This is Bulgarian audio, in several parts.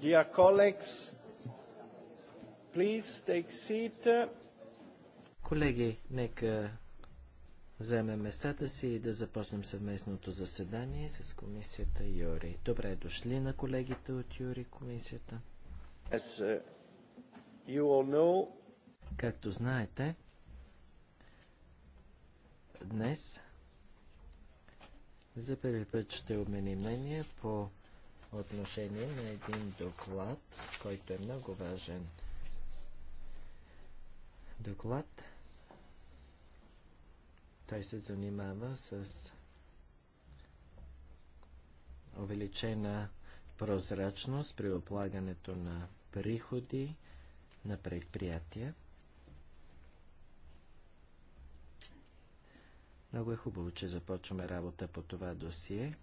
Dear colleagues, please take seat. Колеги, нека вземем местата си и да започнем съвместното заседание с комисията Юри. Добре дошли на колегите от Юри комисията. As uh, you all know, Както знаете, днес за първи път ще обменим мнение по отношение на един доклад, който е много важен. Доклад. Той се занимава с увеличена прозрачност при облагането на приходи на предприятия. Много е хубаво, че започваме работа по това досие.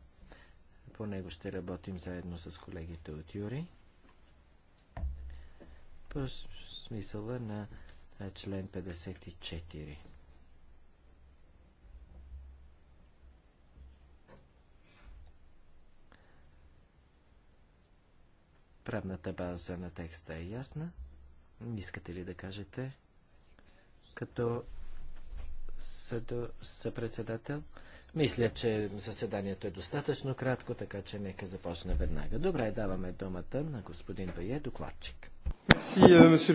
По него ще работим заедно с колегите от Юри. По смисъла на член 54. Правната база на текста е ясна. Искате ли да кажете като съпредседател? Мисля, че заседанието е достатъчно кратко, така че нека започне веднага. Добре, даваме думата на господин Бае, докладчик. Е,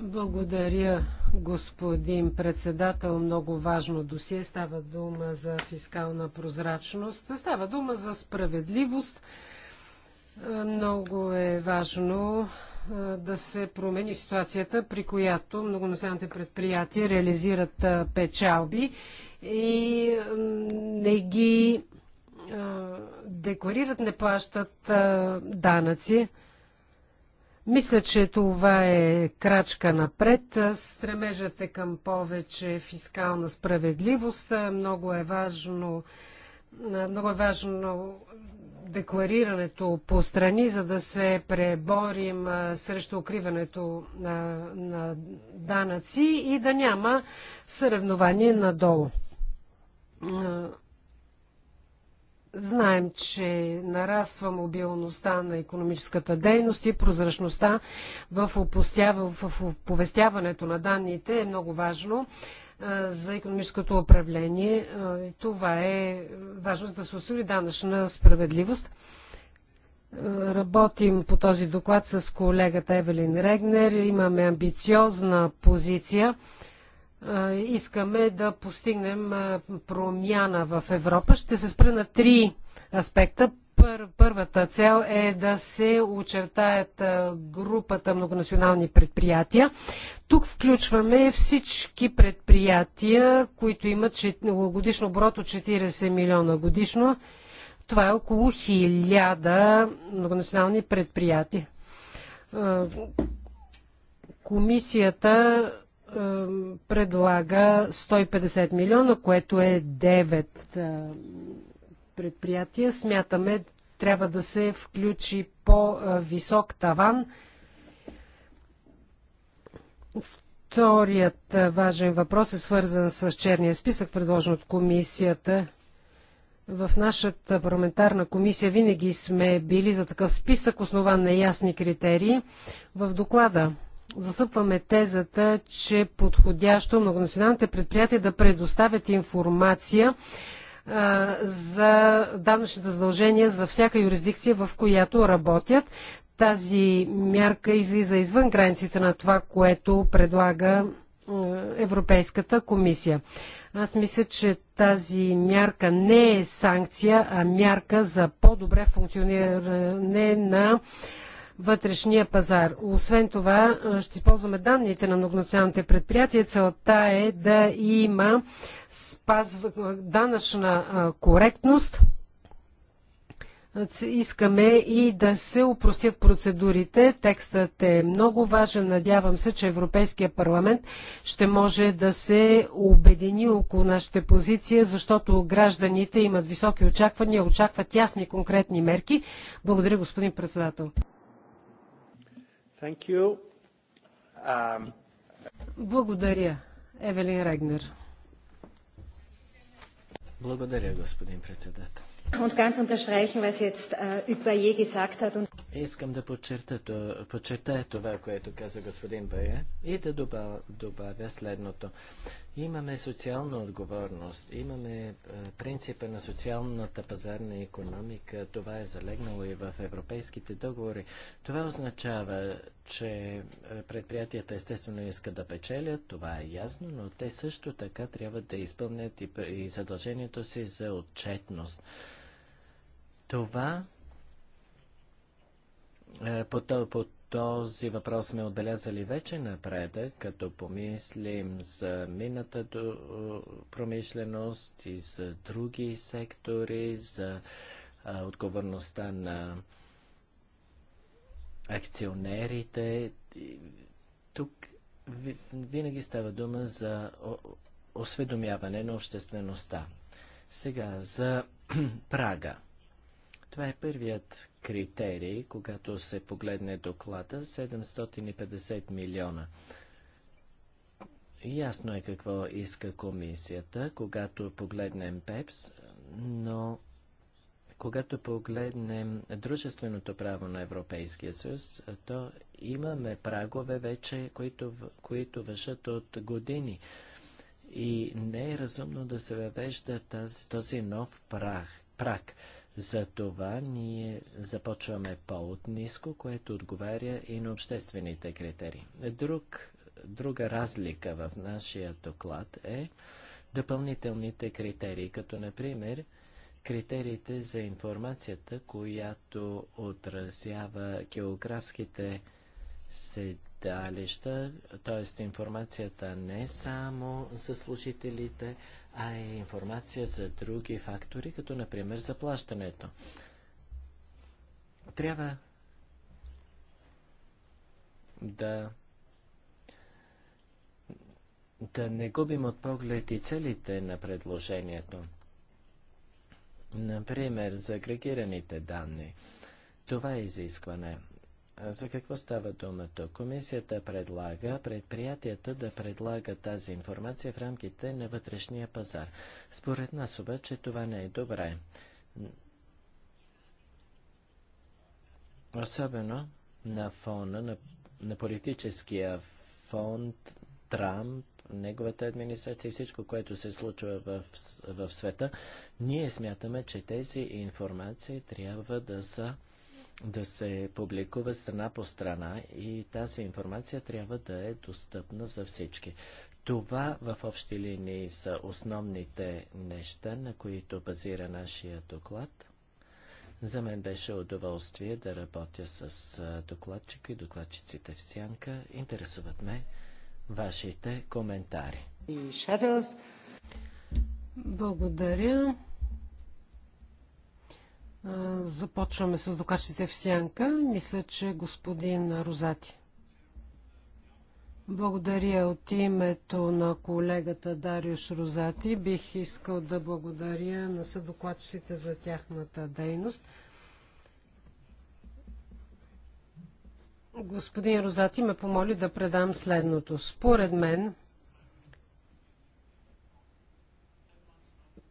Благодаря, господин председател. Много важно досие. Става дума за фискална прозрачност. Става дума за справедливост. Е, много е важно да се промени ситуацията, при която многонационалните предприятия реализират печалби и не ги декларират, не плащат данъци. Мисля, че това е крачка напред. Стремежът е към повече фискална справедливост. Много е важно много е важно декларирането по страни, за да се преборим срещу укриването на, на данъци и да няма съревнование надолу. Знаем, че нараства мобилността на економическата дейност и прозрачността в оповестяването на данните е много важно за економическото управление. Това е важно, за да се осигури данъчна справедливост. Работим по този доклад с колегата Евелин Регнер. Имаме амбициозна позиция. Искаме да постигнем промяна в Европа. Ще се спра на три аспекта. Пър, първата цел е да се очертаят групата многонационални предприятия. Тук включваме всички предприятия, които имат годишно оборот от 40 милиона годишно. Това е около 1000 многонационални предприятия. Комисията предлага 150 милиона, което е 9 предприятия. Смятаме, трябва да се включи по-висок таван. Вторият важен въпрос е свързан с черния списък, предложен от комисията. В нашата парламентарна комисия винаги сме били за такъв списък, основан на ясни критерии. В доклада застъпваме тезата, че подходящо многонационалните предприятия да предоставят информация за данъчните задължения за всяка юрисдикция, в която работят. Тази мярка излиза извън границите на това, което предлага Европейската комисия. Аз мисля, че тази мярка не е санкция, а мярка за по-добре функциониране на вътрешния пазар. Освен това, ще използваме данните на многонационалните предприятия. Целта е да има спазва, данъчна коректност. Искаме и да се упростят процедурите. Текстът е много важен. Надявам се, че Европейския парламент ще може да се обедини около нашите позиции, защото гражданите имат високи очаквания, очакват ясни конкретни мерки. Благодаря, господин председател. Um, Благодаря, Евелин Регнер. Благодаря, господин председател. Äh, Искам да подчертая това, което каза господин Бая и да добавя следното. Имаме социална отговорност, имаме е, принципа на социалната пазарна економика, това е залегнало и в европейските договори. Това означава, че е, предприятията естествено искат да печелят, това е ясно, но те също така трябва да изпълнят и, задължението си за отчетност. Това е, по този въпрос сме отбелязали вече напредък, като помислим за мината промишленост и за други сектори, за отговорността на акционерите. Тук винаги става дума за осведомяване на обществеността. Сега за прага. Това е първият критерий, когато се погледне доклада 750 милиона. Ясно е какво иска комисията, когато погледнем ПЕПС, но когато погледнем дружественото право на Европейския съюз, то имаме прагове вече, които, които въжат от години. И не е разумно да се въвежда този нов прах, прак. За това ние започваме по-отниско, което отговаря и на обществените критерии. Друг, друга разлика в нашия доклад е допълнителните критерии, като например критериите за информацията, която отразява географските седмици читалища, т.е. информацията не само за служителите, а и информация за други фактори, като например заплащането. Трябва да да не губим от поглед и целите на предложението. Например, за агрегираните данни. Това е изискване. За какво става дума тук? Комисията предлага предприятията да предлагат тази информация в рамките на вътрешния пазар. Според нас обаче това не е добре. Особено на фона на, на политическия фонд Трамп, неговата администрация и всичко, което се случва в, в света, ние смятаме, че тези информации трябва да са да се публикува страна по страна и тази информация трябва да е достъпна за всички. Това в общи линии са основните неща, на които базира нашия доклад. За мен беше удоволствие да работя с докладчика и докладчиците в Сянка. Интересуват ме вашите коментари. Благодаря. Започваме с докачите в сянка. Мисля, че господин Розати. Благодаря от името на колегата Дариуш Розати. Бих искал да благодаря на съдокладчиците за тяхната дейност. Господин Розати ме помоли да предам следното. Според мен,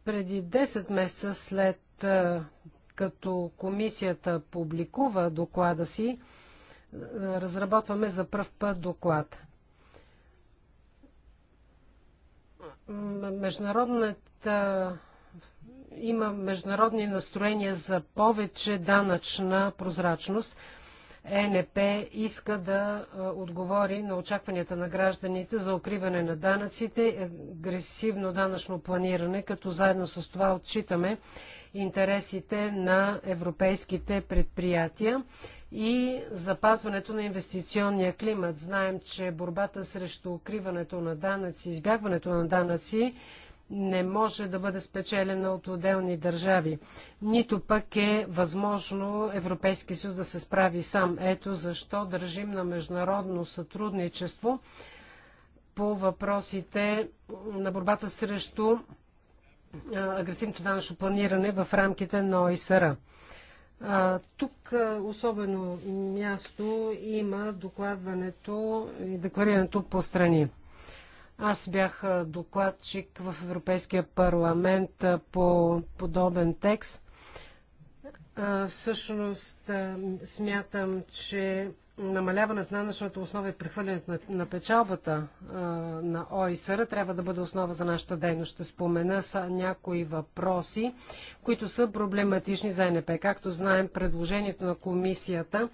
преди 10 месеца след като комисията публикува доклада си, е, разработваме за пръв път доклад. Международната има международни настроения за повече данъчна прозрачност. ЕНП иска да е, отговори на очакванията на гражданите за укриване на данъците, агресивно данъчно планиране, като заедно с това отчитаме интересите на европейските предприятия и запазването на инвестиционния климат. Знаем, че борбата срещу укриването на данъци, избягването на данъци не може да бъде спечелена от отделни държави. Нито пък е възможно Европейски съюз да се справи сам. Ето защо държим на международно сътрудничество по въпросите на борбата срещу агресивното данъчно планиране в рамките на ОИСР. Тук особено място има докладването и декларирането по страни. Аз бях докладчик в Европейския парламент по подобен текст Всъщност смятам, че намаляването на нашата основа и е прехвърлянето на, на печалбата а, на ОИСР трябва да бъде основа за нашата дейност. Ще спомена са някои въпроси, които са проблематични за НП. Както знаем, предложението на комисията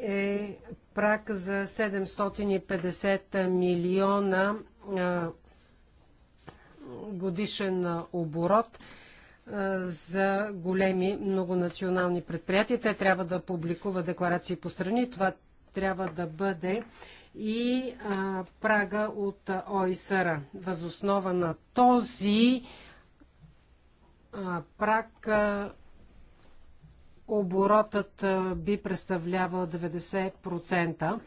е прак за 750 милиона а, годишен оборот – за големи многонационални предприятия. Те трябва да публикуват декларации по страни. Това трябва да бъде и а, прага от ОИСР. Възоснова на този а, праг а, оборотът а, би представлявал 90%.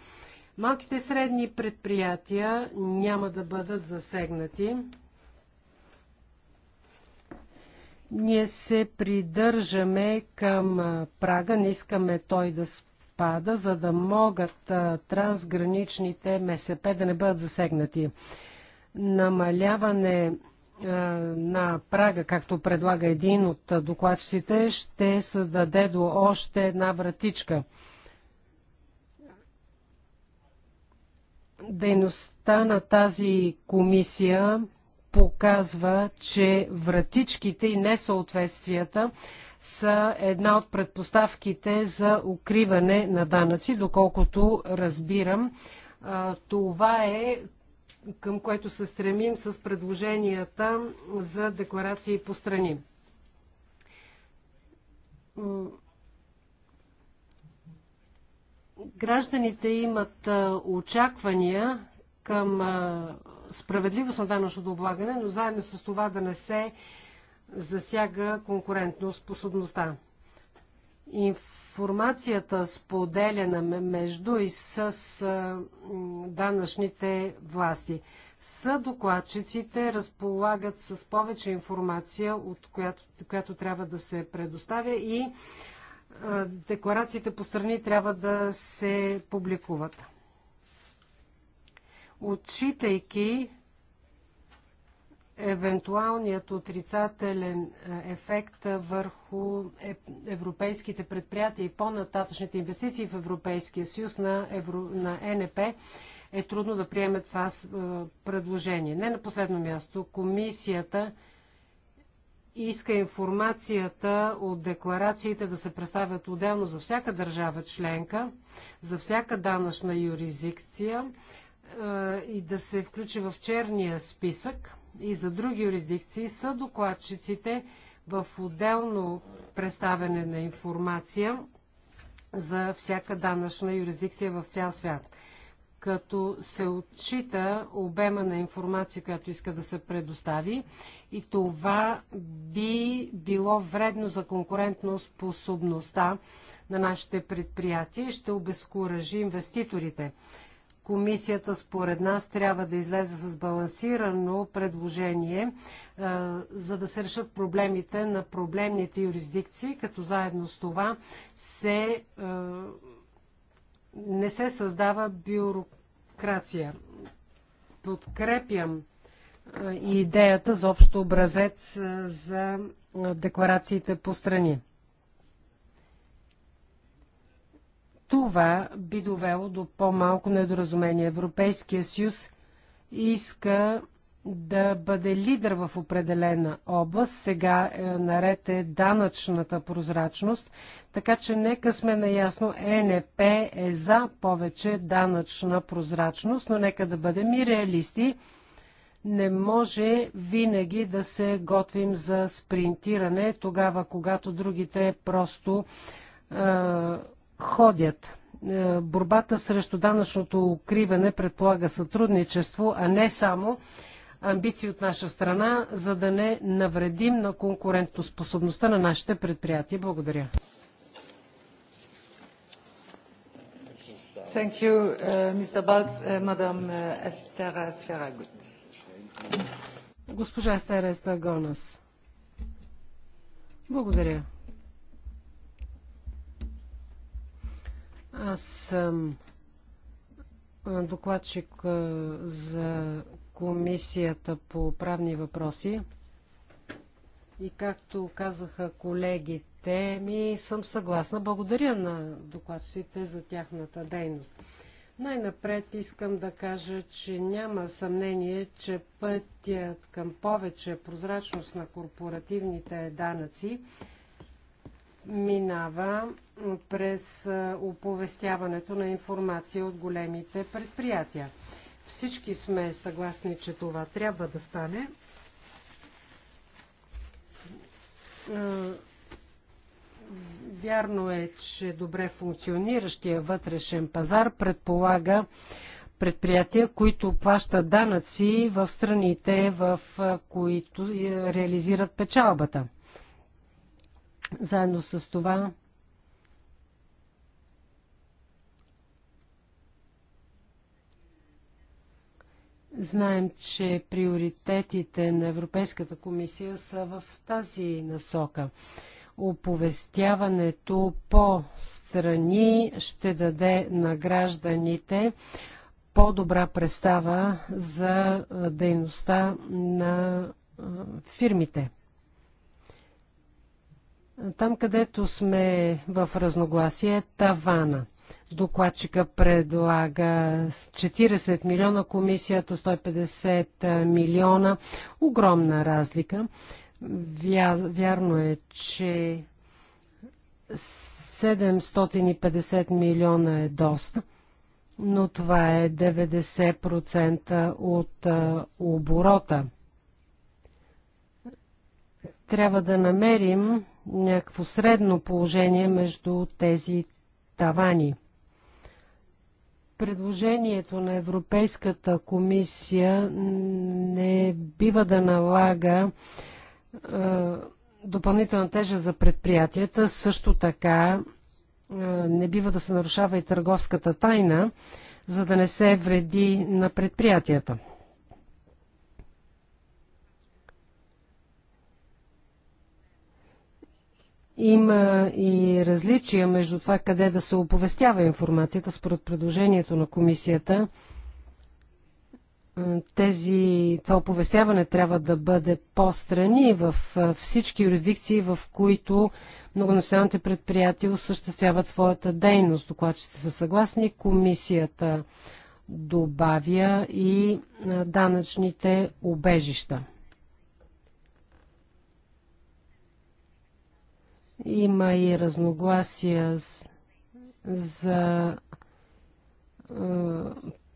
Малките и средни предприятия няма да бъдат засегнати. Ние се придържаме към прага, не искаме той да спада, за да могат трансграничните МСП да не бъдат засегнати. Намаляване на прага, както предлага един от докладчиците, ще създаде до още една вратичка. Дейността на тази комисия показва, че вратичките и несъответствията са една от предпоставките за укриване на данъци, доколкото разбирам. Това е към което се стремим с предложенията за декларации по страни. Гражданите имат очаквания към справедливост на данъчното облагане, но заедно с това да не се засяга конкурентно способността. Информацията споделена между и с данъчните власти. Съдокладчиците разполагат с повече информация, от която, която трябва да се предоставя и декларациите по страни трябва да се публикуват отчитайки евентуалният отрицателен е, ефект върху е, европейските предприятия и по-нататъчните инвестиции в Европейския съюз на, Евро... на е НП, е трудно да приеме това предложение. Не на последно място, комисията иска информацията от декларациите да се представят отделно за всяка държава членка, за всяка данъчна юрисдикция и да се включи в черния списък и за други юрисдикции са докладчиците в отделно представяне на информация за всяка данъчна юрисдикция в цял свят. Като се отчита обема на информация, която иска да се предостави и това би било вредно за конкурентно способността на нашите предприятия и ще обезкуражи инвеститорите. Комисията според нас трябва да излезе с балансирано предложение, за да се решат проблемите на проблемните юрисдикции, като заедно с това се, не се създава бюрокрация. Подкрепям и идеята за общо образец за декларациите по страни. Това би довело до по-малко недоразумение. Европейския съюз иска да бъде лидер в определена област. Сега е, наред е данъчната прозрачност, така че нека сме наясно, ЕНП е за повече данъчна прозрачност, но нека да бъдем и реалисти. Не може винаги да се готвим за спринтиране, тогава когато другите просто е, ходят. Е, борбата срещу данъчното укриване предполага сътрудничество, а не само амбиции от наша страна, за да не навредим на конкурентоспособността на нашите предприятия. Благодаря. Thank you, uh, Mr. Balz. Uh, Madam uh, Sferagut. Госпожа Естера Естагонас. Благодаря. Аз съм докладчик за Комисията по правни въпроси. И както казаха колегите ми, съм съгласна. Благодаря на докладчиците за тяхната дейност. Най-напред искам да кажа, че няма съмнение, че пътят към повече прозрачност на корпоративните данъци минава през оповестяването на информация от големите предприятия. Всички сме съгласни, че това трябва да стане. Вярно е, че добре функциониращия вътрешен пазар предполага предприятия, които плащат данъци в страните, в които е, реализират печалбата. Заедно с това Знаем, че приоритетите на Европейската комисия са в тази насока. Оповестяването по страни ще даде на гражданите по-добра представа за дейността на фирмите. Там, където сме в разногласие, е тавана. Докладчика предлага 40 милиона, комисията 150 милиона. Огромна разлика. Вя, вярно е, че 750 милиона е доста, но това е 90% от оборота. Трябва да намерим някакво средно положение между тези тавани. Предложението на Европейската комисия не бива да налага е, допълнителна тежа за предприятията, също така е, не бива да се нарушава и търговската тайна, за да не се вреди на предприятията. Има и различия между това къде да се оповестява информацията според предложението на комисията. Е, тези, това оповестяване трябва да бъде по-страни в е, всички юрисдикции, в които многонационалните предприятия осъществяват своята дейност. Докладчите са съгласни. Комисията добавя и е, данъчните убежища. Има и разногласия за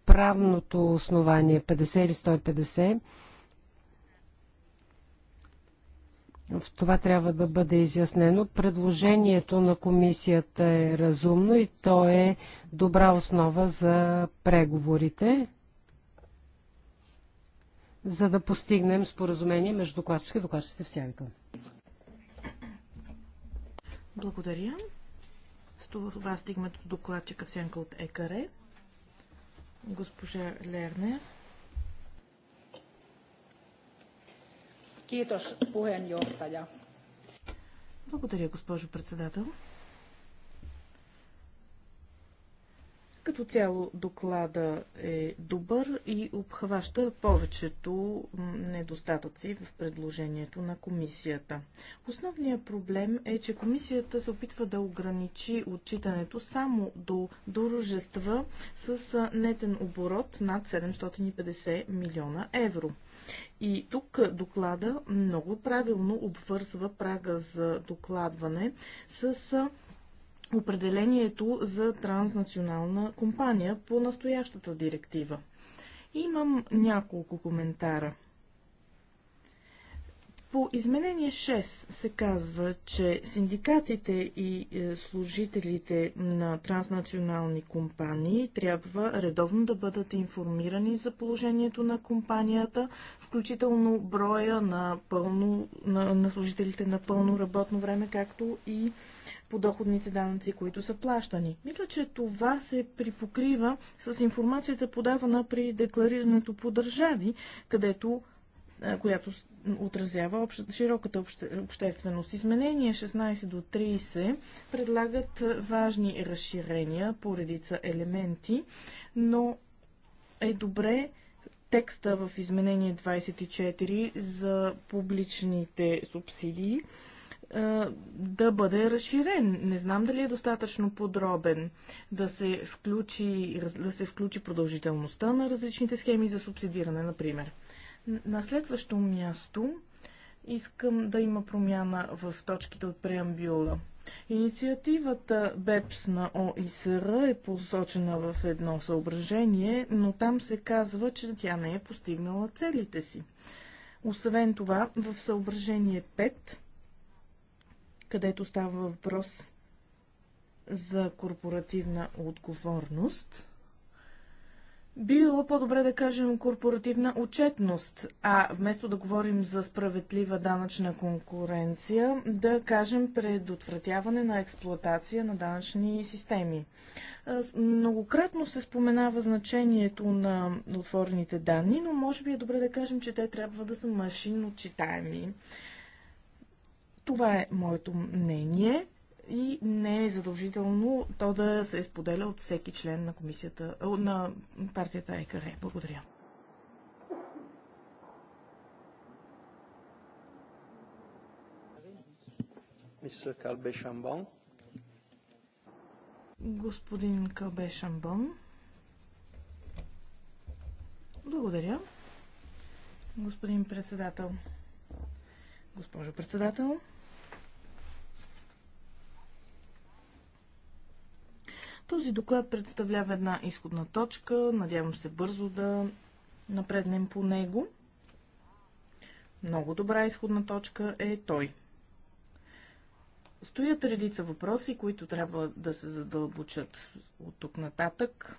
правното основание 50 или 150. В това трябва да бъде изяснено. Предложението на комисията е разумно и то е добра основа за преговорите, за да постигнем споразумение между докладчика и докладчите в сянка. Благодаря. С това стигме до докладчика в сянка от ЕКАРЕ. Госпожа Лернер. Благодаря, госпожо председател. Като цяло доклада е добър и обхваща повечето недостатъци в предложението на комисията. Основният проблем е, че комисията се опитва да ограничи отчитането само до дружества с нетен оборот над 750 милиона евро. И тук доклада много правилно обвързва прага за докладване с определението за транснационална компания по настоящата директива. Имам няколко коментара. По изменение 6 се казва, че синдикатите и е, служителите на транснационални компании трябва редовно да бъдат информирани за положението на компанията, включително броя на, пълно, на, на служителите на пълно работно време, както и подоходните данъци, които са плащани. Мисля, че това се припокрива с информацията подавана при декларирането по държави, където която отразява широката обще, общественост. Изменения 16 до 30 предлагат важни разширения по редица елементи, но е добре текста в изменение 24 за публичните субсидии е, да бъде разширен. Не знам дали е достатъчно подробен да се включи, да се включи продължителността на различните схеми за субсидиране, например. На следващо място искам да има промяна в точките от преамбюла. Инициативата БЕПС на ОИСР е посочена в едно съображение, но там се казва, че тя не е постигнала целите си. Освен това, в съображение 5 където става въпрос за корпоративна отговорност. Би било по-добре да кажем корпоративна отчетност, а вместо да говорим за справедлива данъчна конкуренция, да кажем предотвратяване на експлоатация на данъчни системи. Многократно се споменава значението на отворените данни, но може би е добре да кажем, че те трябва да са машинно читаеми това е моето мнение и не е задължително то да се споделя от всеки член на комисията, на партията ЕКР. Благодаря. Господин Калбе Шамбон. Благодаря. Господин председател. Госпожо председател. Този доклад представлява една изходна точка. Надявам се бързо да напреднем по него. Много добра изходна точка е той. Стоят редица въпроси, които трябва да се задълбочат от тук нататък.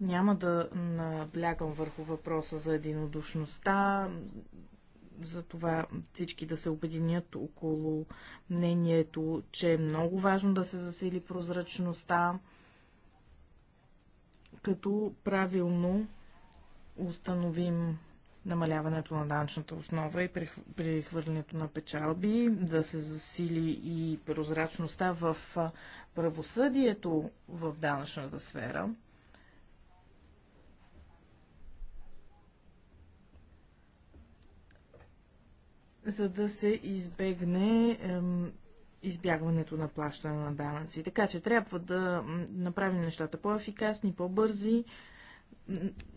Няма да наблягам върху въпроса за единодушността, за това всички да се обединят около мнението, че е много важно да се засили прозрачността, като правилно установим намаляването на данъчната основа и прехвърлянето на печалби, да се засили и прозрачността в правосъдието в данъчната сфера – за да се избегне ем, избягването на плащане на данъци. Така че трябва да направим нещата по-ефикасни, по-бързи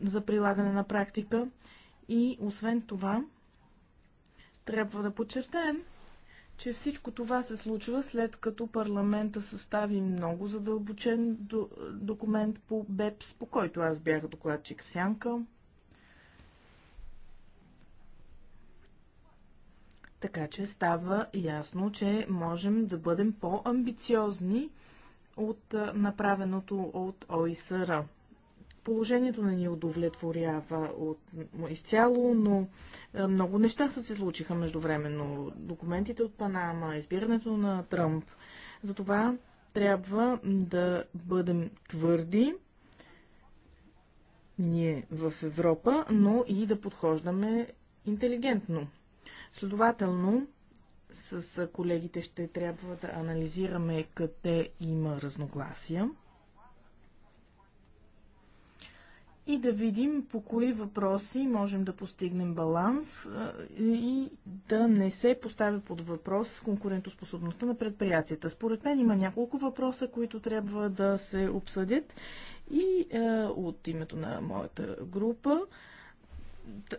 за прилагане на практика. И освен това, трябва да подчертаем, че всичко това се случва след като парламента състави много задълбочен документ по БЕПС, по който аз бях докладчик в Сянка. Така че става ясно, че можем да бъдем по-амбициозни от направеното от ОИСР. Положението не ни удовлетворява от, изцяло, но много неща са се случиха междувременно. Документите от Панама, избирането на Тръмп. Затова трябва да бъдем твърди ние в Европа, но и да подхождаме интелигентно. Следователно, с колегите ще трябва да анализираме къде има разногласия и да видим по кои въпроси можем да постигнем баланс и да не се поставя под въпрос конкурентоспособността на предприятията. Според мен има няколко въпроса, които трябва да се обсъдят и е, от името на моята група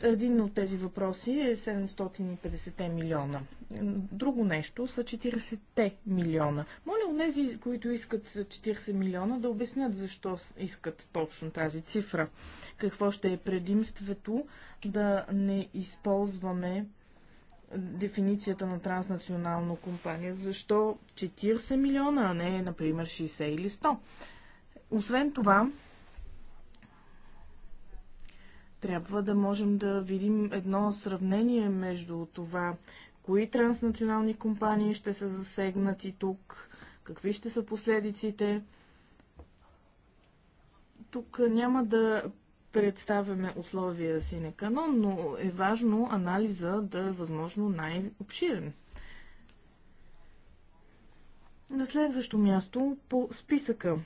един от тези въпроси е 750 милиона. Друго нещо са 40-те милиона. Моля у нези, които искат 40 милиона, да обяснят защо искат точно тази цифра. Какво ще е предимството да не използваме дефиницията на транснационална компания. Защо 40 милиона, а не, например, 60 или 100? Освен това, трябва да можем да видим едно сравнение между това, кои транснационални компании ще са засегнати тук, какви ще са последиците. Тук няма да представяме условия си на канон, но е важно анализа да е възможно най-обширен. На следващо място по списъка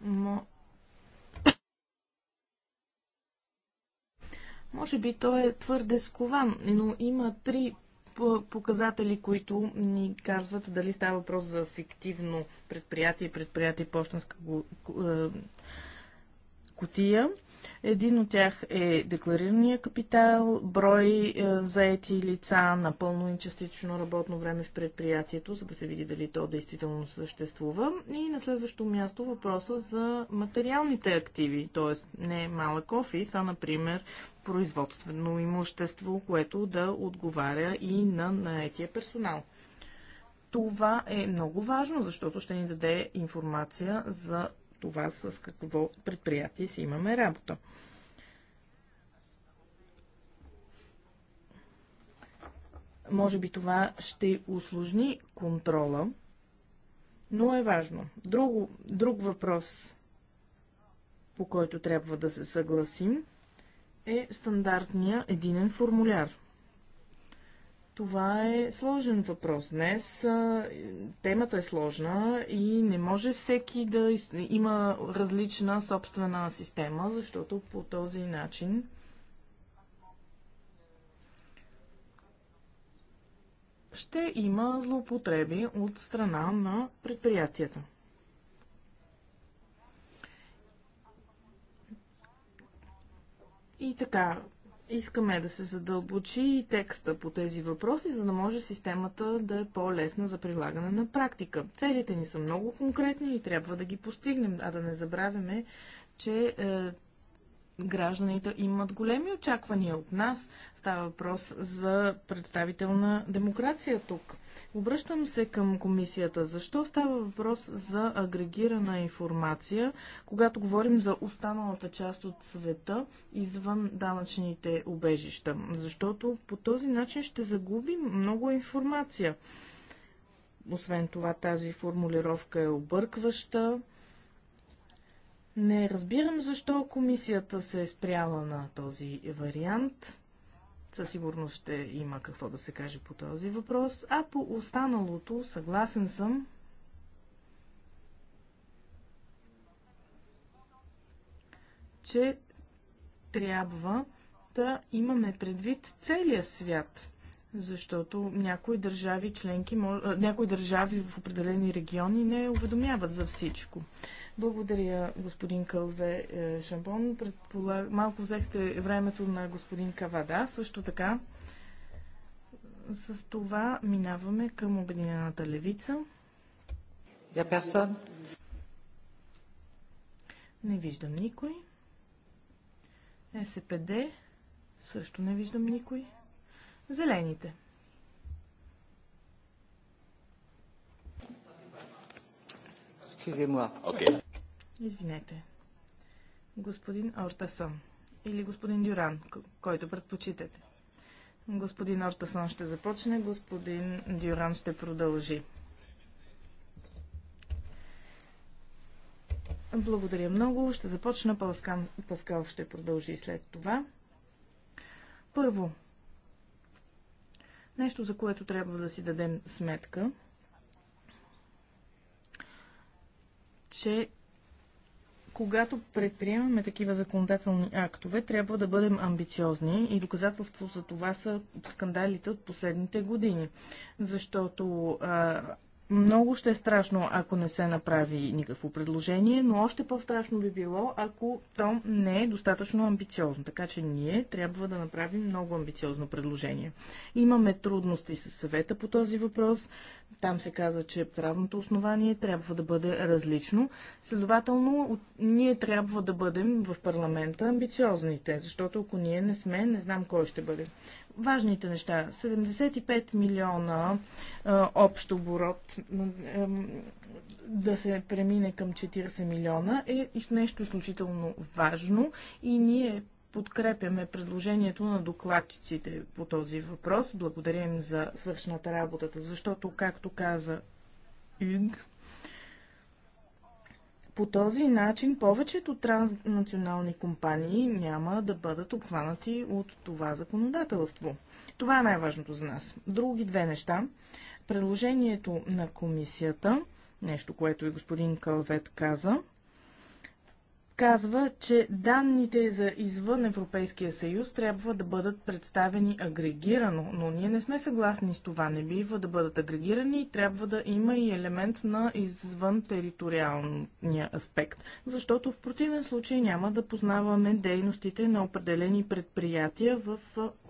но може би той е твърде скован, но има три показатели, които ни казват дали става въпрос за фиктивно предприятие, предприятие почтенска е, кутия. Един от тях е декларирания капитал, брой е, заети лица на пълно и частично работно време в предприятието, за да се види дали то действително съществува. И на следващо място въпроса за материалните активи, т.е. не малък офис, а например производствено имущество, което да отговаря и на наетия персонал. Това е много важно, защото ще ни даде информация за това с какво предприятие си имаме работа. Може би това ще усложни контрола, но е важно. Друго, друг въпрос, по който трябва да се съгласим, е стандартния единен формуляр. Това е сложен въпрос днес. Темата е сложна и не може всеки да има различна собствена система, защото по този начин ще има злоупотреби от страна на предприятията. И така, Искаме да се задълбочи и текста по тези въпроси, за да може системата да е по-лесна за прилагане на практика. Целите ни са много конкретни и трябва да ги постигнем, а да не забравяме, че е, гражданите имат големи очаквания от нас. Става въпрос за представителна демокрация тук. Обръщам се към комисията. Защо става въпрос за агрегирана информация, когато говорим за останалата част от света извън данъчните убежища? Защото по този начин ще загубим много информация. Освен това, тази формулировка е объркваща не разбирам защо комисията се е спряла на този вариант. Със сигурност ще има какво да се каже по този въпрос. А по останалото, съгласен съм, че трябва да имаме предвид целия свят, защото някои държави членки, някои държави в определени региони не уведомяват за всичко. Благодаря, господин Кълве е, Шамбон. Предполаг... Малко взехте времето на господин Кавада. Също така, с това минаваме към Обединената левица. Я персон. Не виждам никой. СПД. Също не виждам никой. Зелените. Excusez-moi. Okay. Извинете. Господин Ортасон или господин Дюран, който предпочитате. Господин Ортасон ще започне, господин Дюран ще продължи. Благодаря много. Ще започна. Паскал, Паскал ще продължи след това. Първо, нещо, за което трябва да си дадем сметка, че когато предприемаме такива законодателни актове, трябва да бъдем амбициозни и доказателство за това са скандалите от последните години. Защото а, много ще е страшно, ако не се направи никакво предложение, но още по-страшно би било, ако то не е достатъчно амбициозно. Така че ние трябва да направим много амбициозно предложение. Имаме трудности с съвета по този въпрос. Там се каза, че правното основание трябва да бъде различно. Следователно, ние трябва да бъдем в парламента амбициозните, защото ако ние не сме, не знам кой ще бъде важните неща. 75 милиона а, общ оборот а, да се премине към 40 милиона е нещо изключително важно и ние подкрепяме предложението на докладчиците по този въпрос. Благодарим за свършната работата, защото, както каза Юг, по този начин повечето транснационални компании няма да бъдат обхванати от това законодателство. Това е най-важното за нас. Други две неща. Предложението на комисията, нещо, което и господин Калвет каза, казва, че данните за извън Европейския съюз трябва да бъдат представени агрегирано, но ние не сме съгласни с това. Не бива да бъдат агрегирани и трябва да има и елемент на извън териториалния аспект, защото в противен случай няма да познаваме дейностите на определени предприятия в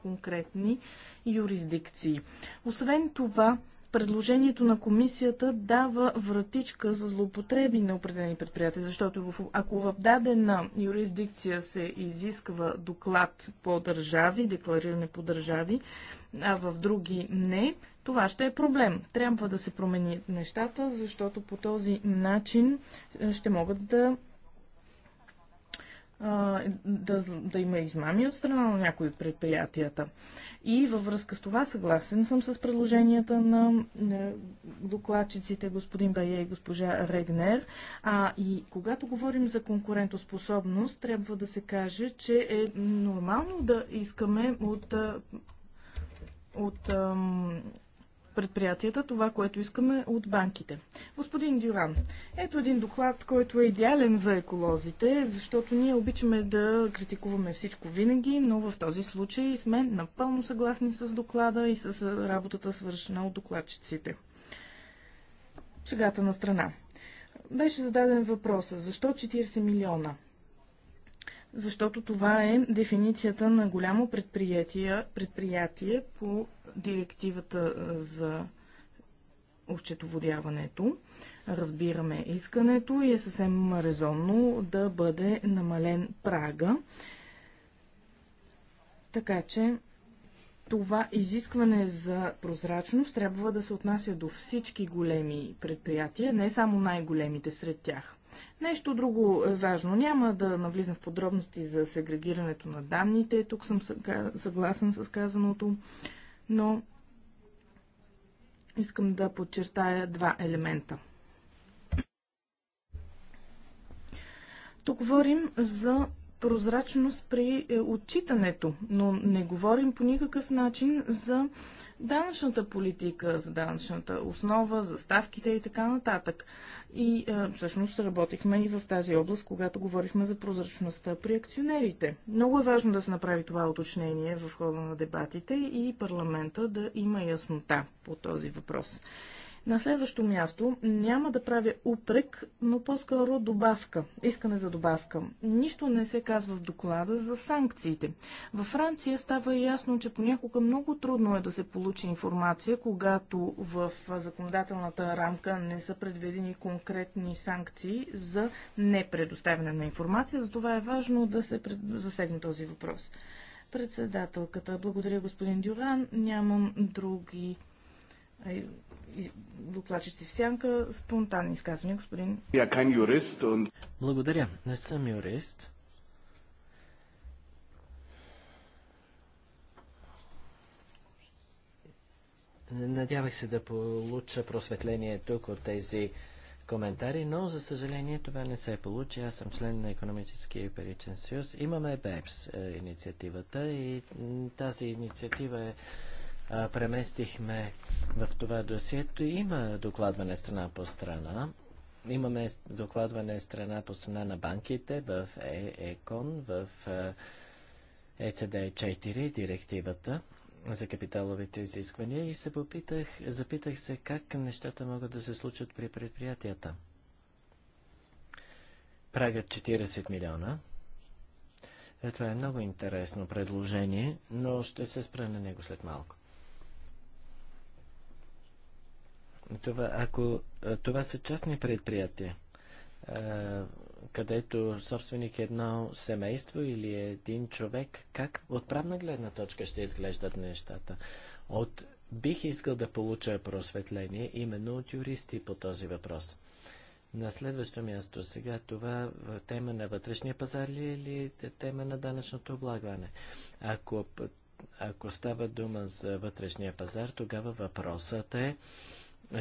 конкретни юрисдикции. Освен това, предложението на комисията дава вратичка за злоупотреби на определени предприятия, защото ако в дадена юрисдикция се изисква доклад по държави, деклариране по държави, а в други не, това ще е проблем. Трябва да се промени нещата, защото по този начин е, ще могат да да, да има измами от страна на някои от предприятията. И във връзка с това съгласен съм с предложенията на докладчиците господин Бая и госпожа Регнер. А и когато говорим за конкурентоспособност, трябва да се каже, че е нормално да искаме от от предприятията, това, което искаме от банките. Господин Дюран, ето един доклад, който е идеален за еколозите, защото ние обичаме да критикуваме всичко винаги, но в този случай сме напълно съгласни с доклада и с работата свършена от докладчиците. Шегата на страна. Беше зададен въпроса, защо 40 милиона? защото това е дефиницията на голямо предприятие, предприятие по директивата за Отчетоводяването. Разбираме искането и е съвсем резонно да бъде намален прага. Така че това изискване за прозрачност трябва да се отнася до всички големи предприятия, не само най-големите сред тях. Нещо друго е важно. Няма да навлизам в подробности за сегрегирането на данните. Тук съм съгласен с казаното, но искам да подчертая два елемента. Тук говорим за прозрачност при е, отчитането, но не говорим по никакъв начин за данъчната политика, за данъчната основа, за ставките и така нататък. И а, е, всъщност работихме и в тази област, когато говорихме за прозрачността при акционерите. Много е важно да се направи това уточнение в хода на дебатите и парламента да има яснота по този въпрос. На следващо място няма да правя упрек, но по-скоро добавка, искане за добавка. Нищо не се казва в доклада за санкциите. Във Франция става ясно, че понякога много трудно е да се получи информация, когато в законодателната рамка не са предвидени конкретни санкции за непредоставяне на информация. Затова е важно да се засегне този въпрос председателката. Благодаря, господин Дюран. Нямам други докладчици в сянка, спонтанни изказвания, господин. Благодаря. Не съм юрист. Надявах се да получа просветление тук от тези коментари, но за съжаление това не се получи. Аз съм член на Економическия и паричен съюз. Имаме БЕПС е, инициативата и тази инициатива е преместихме в това досието. Има докладване страна по страна. Имаме докладване страна по страна на банките в е ЕКОН, в ЕЦД-4, директивата за капиталовите изисквания и се попитах, запитах се как нещата могат да се случат при предприятията. Прагът 40 милиона. Е, това е много интересно предложение, но ще се спра на него след малко. Това, ако, това са частни предприятия, където собственик е едно семейство или е един човек, как от правна гледна точка ще изглеждат нещата? От, бих искал да получа просветление именно от юристи по този въпрос. На следващо място сега това тема на вътрешния пазар ли е или тема на данъчното облагане? Ако, ако става дума за вътрешния пазар, тогава въпросът е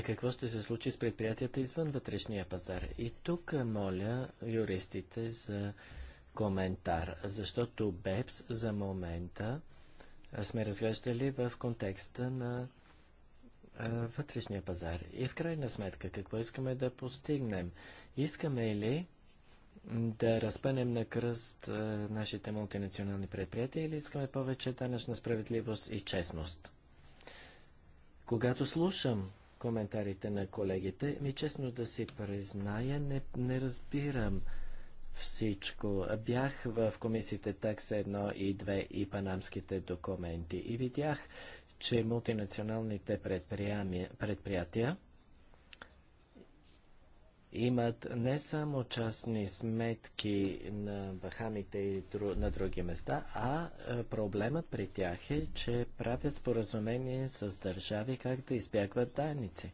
какво ще се случи с предприятията извън вътрешния пазар. И тук моля юристите за коментар, защото БЕПС за момента сме разглеждали в контекста на вътрешния пазар. И в крайна сметка, какво искаме да постигнем? Искаме ли да разпънем на кръст нашите мултинационални предприятия или искаме повече данъчна справедливост и честност? Когато слушам коментарите на колегите. Ми честно да си призная, не, не разбирам всичко. Бях в комисиите такса 1 и 2 и панамските документи и видях, че мултинационалните предприятия имат не само частни сметки на Бахамите и на други места, а проблемът при тях е, че правят споразумение с държави как да избягват данници.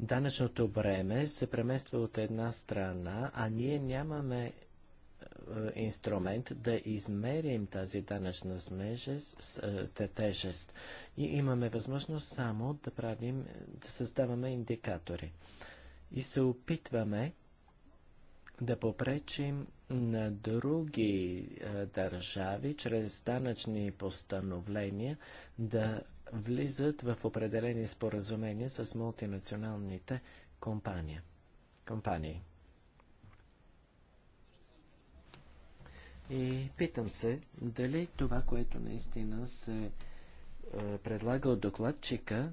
Данъчното бреме се премества от една страна, а ние нямаме е, инструмент да измерим тази данъчна смежест, е, тежест. И имаме възможност само да правим, да създаваме индикатори. И се опитваме да попречим на други е, държави чрез данъчни постановления да влизат в определени споразумения с мултинационалните компании. И питам се дали това, което наистина се е, предлага от докладчика,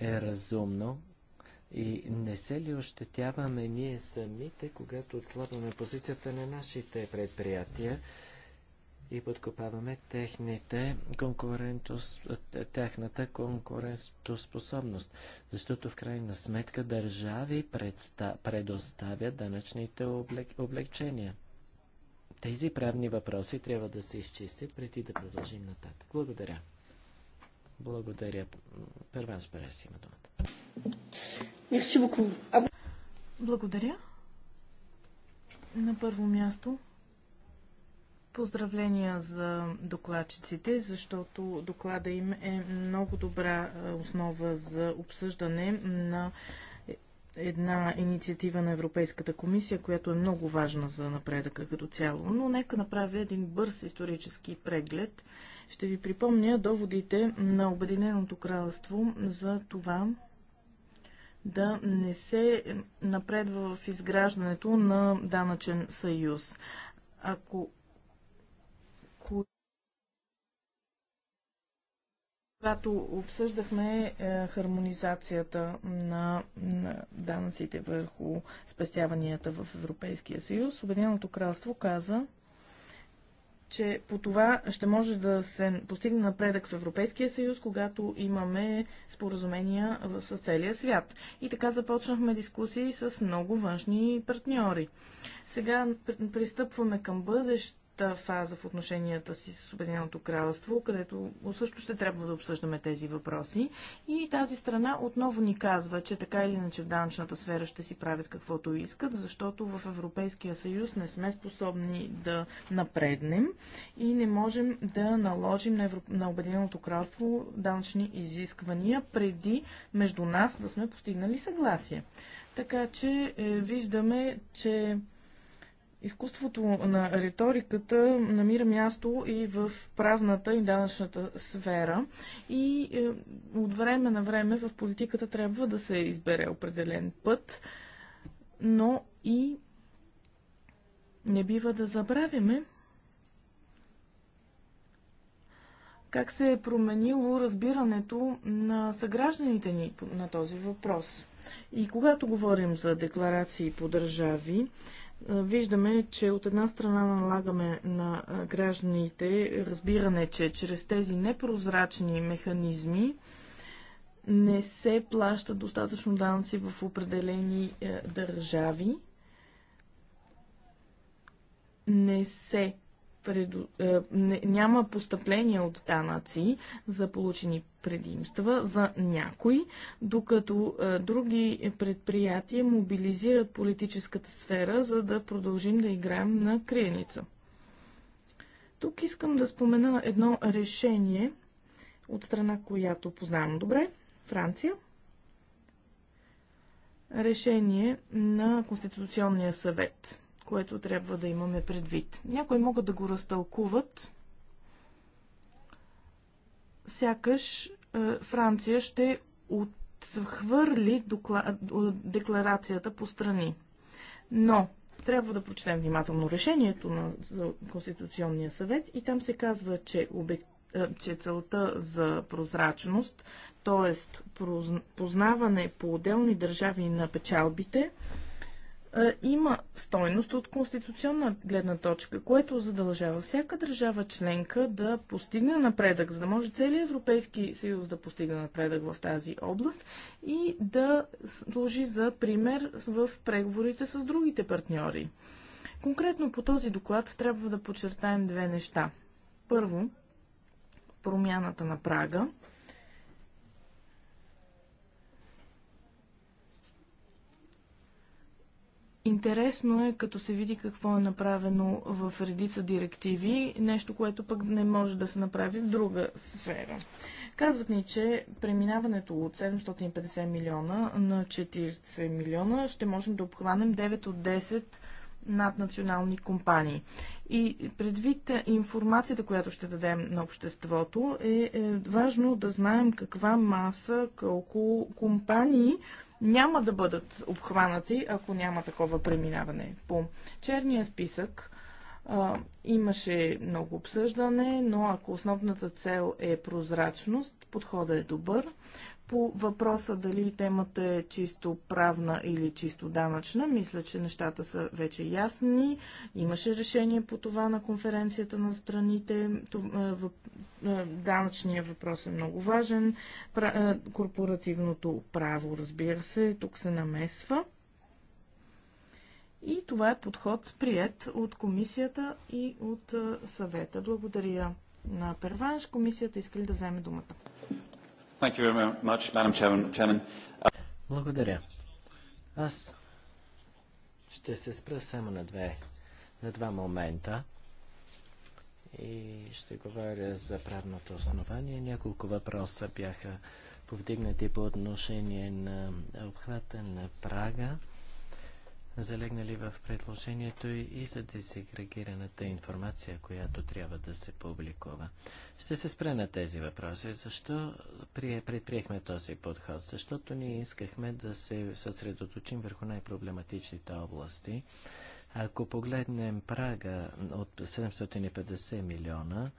е разумно и не се ли ощетяваме ние самите, когато отслабваме позицията на нашите предприятия и подкопаваме техните конкурентос... техната конкурентоспособност? Защото в крайна сметка държави предста... предоставят данъчните облег... облегчения. Тези правни въпроси трябва да се изчистят преди да продължим нататък. Благодаря. Благодаря. Първан Шперес има думата. Благодаря. На първо място Поздравления за докладчиците, защото доклада им е много добра основа за обсъждане на една инициатива на Европейската комисия, която е много важна за напредъка като цяло. Но нека направя един бърз исторически преглед. Ще ви припомня доводите на Обединеното кралство за това да не се напредва в изграждането на данъчен съюз. Ако когато обсъждахме е, хармонизацията на, на данъците върху спестяванията в Европейския съюз, Обединеното кралство каза, че по това ще може да се постигне напредък в Европейския съюз, когато имаме споразумения с целия свят. И така започнахме дискусии с много външни партньори. Сега пристъпваме към бъдещ следващата фаза в отношенията си с Обединеното кралство, където също ще трябва да обсъждаме тези въпроси. И тази страна отново ни казва, че така или иначе в данъчната сфера ще си правят каквото искат, защото в Европейския съюз не сме способни да напреднем и не можем да наложим на, Европ... на Обединеното кралство данъчни изисквания преди между нас да сме постигнали съгласие. Така че е, виждаме, че Изкуството на риториката намира място и в правната и данъчната сфера и е, от време на време в политиката трябва да се избере определен път, но и не бива да забравяме как се е променило разбирането на съгражданите ни на този въпрос. И когато говорим за декларации по държави, виждаме, че от една страна налагаме на гражданите разбиране, че чрез тези непрозрачни механизми не се плащат достатъчно данъци в определени държави, не се преду... Е, няма постъпления от данъци за получени предимства за някои, докато е, други предприятия мобилизират политическата сфера, за да продължим да играем на криеница. Тук искам да спомена едно решение от страна, която познавам добре Франция. Решение на Конституционния съвет което трябва да имаме предвид. Някои могат да го разтълкуват, сякаш е, Франция ще отхвърли декларацията по страни. Но трябва да прочетем внимателно решението на Конституционния съвет и там се казва, че, обект е, че целта за прозрачност, т.е. познаване по отделни държави на печалбите, е, има стойност от конституционна гледна точка, което задължава всяка държава членка да постигне напредък, за да може целият Европейски съюз да постигне напредък в тази област и да служи за пример в преговорите с другите партньори. Конкретно по този доклад трябва да подчертаем две неща. Първо, промяната на прага – Интересно е, като се види какво е направено в редица директиви, нещо, което пък не може да се направи в друга сфера. Казват ни, че преминаването от 750 милиона на 40 милиона ще можем да обхванем 9 от 10 наднационални компании. И предвид информацията, която ще дадем на обществото, е, е важно да знаем каква маса, колко компании няма да бъдат обхванати, ако няма такова преминаване. По черния списък а, имаше много обсъждане, но ако основната цел е прозрачност, подходът е добър. По въпроса дали темата е чисто правна или чисто данъчна, мисля, че нещата са вече ясни. Имаше решение по това на конференцията на страните. Е, е, данъчният въпрос е много важен. Е, корпоративното право, разбира се, тук се намесва. И това е подход прият от комисията и от съвета. Благодаря на Перванш. Комисията иска да вземе думата. Благодаря. Аз ще се спра само на, две, на два момента и ще говоря за правното основание. Няколко въпроса бяха повдигнати по отношение на обхвата на прага залегнали в предложението и за дезагрегираната информация, която трябва да се публикува. Ще се спре на тези въпроси. Защо предприехме този подход? Защото ние искахме да се съсредоточим върху най-проблематичните области. Ако погледнем прага от 750 милиона,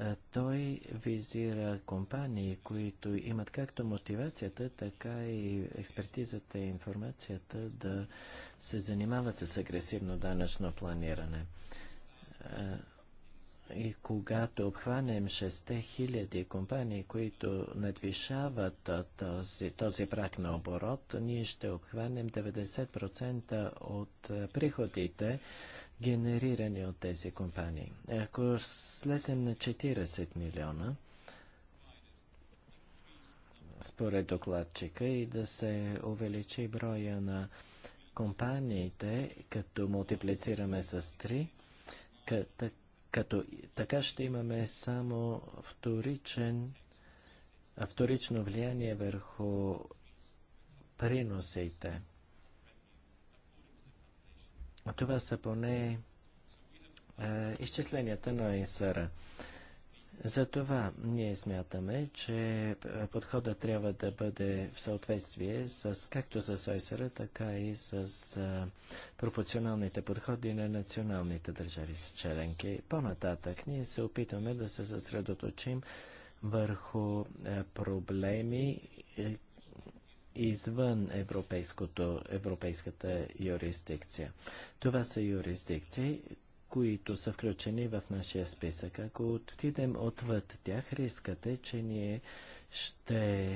е, той визира компании, които имат както мотивацията, така и експертизата и информацията да се занимават с агресивно данъчно планиране. Е, и когато обхванем 6000 компании, които надвишават този, този прак на оборот, ние ще обхванем 90% от приходите, генерирани от тези компании. Ако слезем на 40 милиона, според докладчика, и да се увеличи броя на компаниите, като мултиплицираме с 3, като така ще имаме само вторичен, вторично влияние върху приносите. Това са поне е, изчисленията на ИСР. Затова ние смятаме, че е, подходът трябва да бъде в съответствие с, както с ОСР, така и с а, е, пропорционалните подходи на националните държави с членки. По-нататък ние се опитваме да се съсредоточим върху а, е, проблеми извън европейската юрисдикция. Това са юрисдикции, които са включени в нашия списък. Ако отидем отвъд тях, рискът е, че ние ще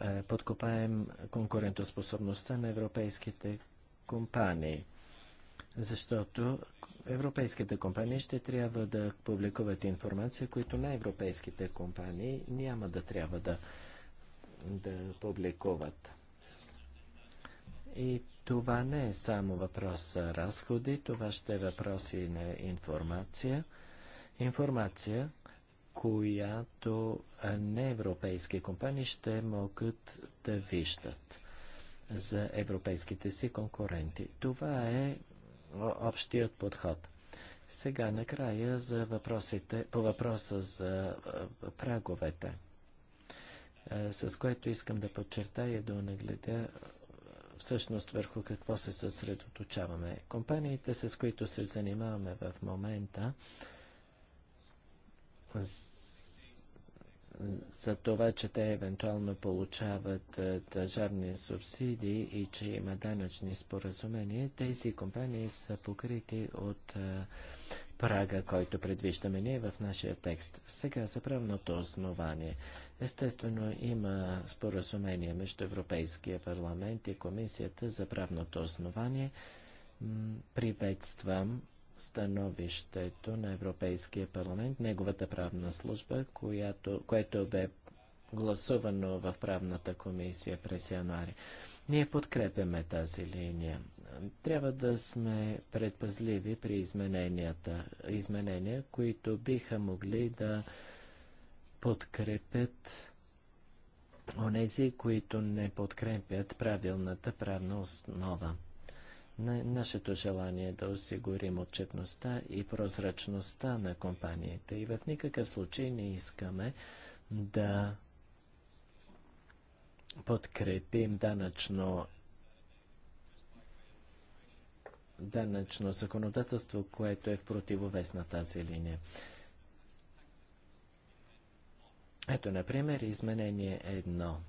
е, подкопаем конкурентоспособността на европейските компании. Защото европейските компании ще трябва да публикуват информация, които на европейските компании няма да трябва да, да публикуват. И това не е само въпрос за разходи, това ще е въпрос и на информация. Информация, която неевропейски компании ще могат да виждат за европейските си конкуренти. Това е общият подход. Сега накрая за въпросите, по въпроса за праговете, с което искам да подчертая и да нагледя всъщност върху какво се съсредоточаваме. Компаниите, с които се занимаваме в момента, за това, че те евентуално получават държавни субсидии и че има данъчни споразумения, тези компании са покрити от прага, който предвиждаме ние в нашия текст. Сега за правното основание. Естествено има споразумение между Европейския парламент и Комисията за правното основание. Приветствам становището на Европейския парламент, неговата правна служба, която, което бе гласувано в правната комисия през януари. Ние подкрепяме тази линия. Трябва да сме предпазливи при измененията, изменения, които биха могли да подкрепят онези, които не подкрепят правилната правна основа. нашето желание е да осигурим отчетността и прозрачността на компаниите и в никакъв случай не искаме да подкрепим данъчно данъчно законодателство, което е в противовес на тази линия. Ето, например, изменение едно.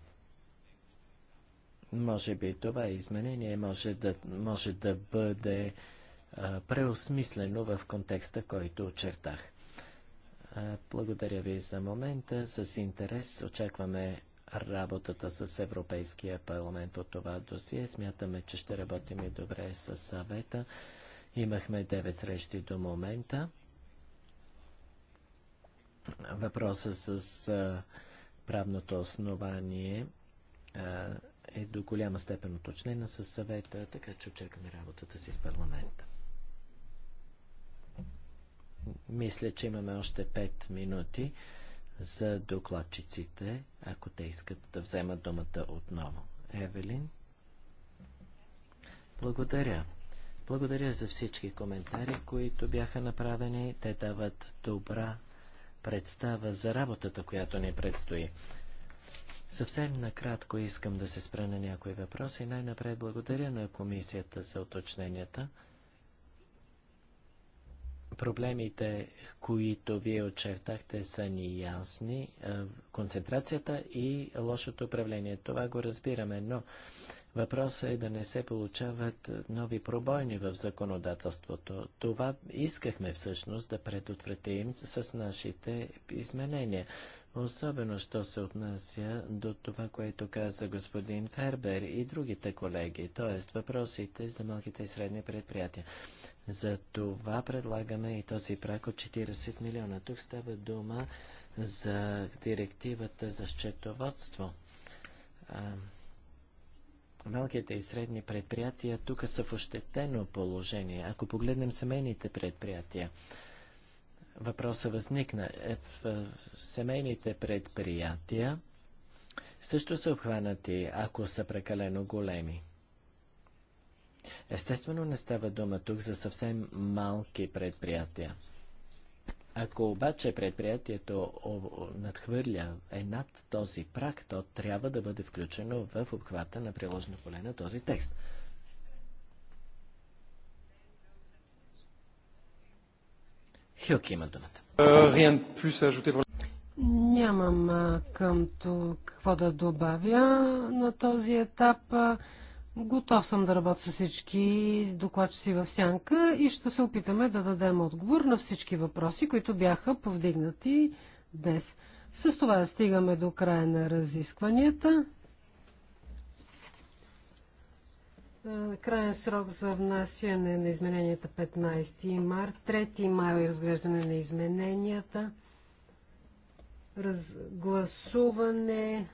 Може би това изменение може да, може да бъде а, преосмислено в контекста, който очертах. А, благодаря ви за момента. С интерес очакваме работата с Европейския парламент от това досие. Смятаме, че ще работим и добре с съвета. Имахме 9 срещи до момента. Въпроса с а, правното основание а, е до голяма степен уточнена със съвета, така че очакваме работата си с парламента. Мисля, че имаме още 5 минути за докладчиците, ако те искат да вземат думата отново. Евелин? Благодаря. Благодаря за всички коментари, които бяха направени. Те дават добра представа за работата, която ни предстои. Съвсем накратко искам да се спра на някои въпроси. Най-напред благодаря на комисията за уточненията проблемите, които вие очертахте, са ни ясни. Е, концентрацията и лошото управление. Това го разбираме, но въпросът е да не се получават нови пробойни в законодателството. Това искахме всъщност да предотвратим с нашите изменения. Особено, що се отнася до това, което каза господин Фербер и другите колеги, т.е. въпросите за малките и средни предприятия. За това предлагаме и този прак от 40 милиона. Тук става дума за директивата за счетоводство. малките и средни предприятия тук са в ощетено положение. Ако погледнем семейните предприятия, въпросът възникна. Е, в семейните предприятия също са обхванати, ако са прекалено големи. Естествено не става дума тук за съвсем малки предприятия. Ако обаче предприятието надхвърля е над този прак, то трябва да бъде включено в обхвата на приложено поле на този текст. Хюк има думата. Е, Нямам към какво да добавя на този етап. Готов съм да работя с всички докладчици в сянка и ще се опитаме да дадем отговор на всички въпроси, които бяха повдигнати днес. С това стигаме до края на разискванията. Е, крайен срок за внасяне на измененията 15 март, 3 май е разглеждане на измененията, разгласуване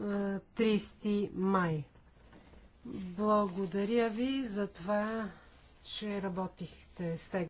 30 е, май. Благодаря ви за това, че работихте с тях.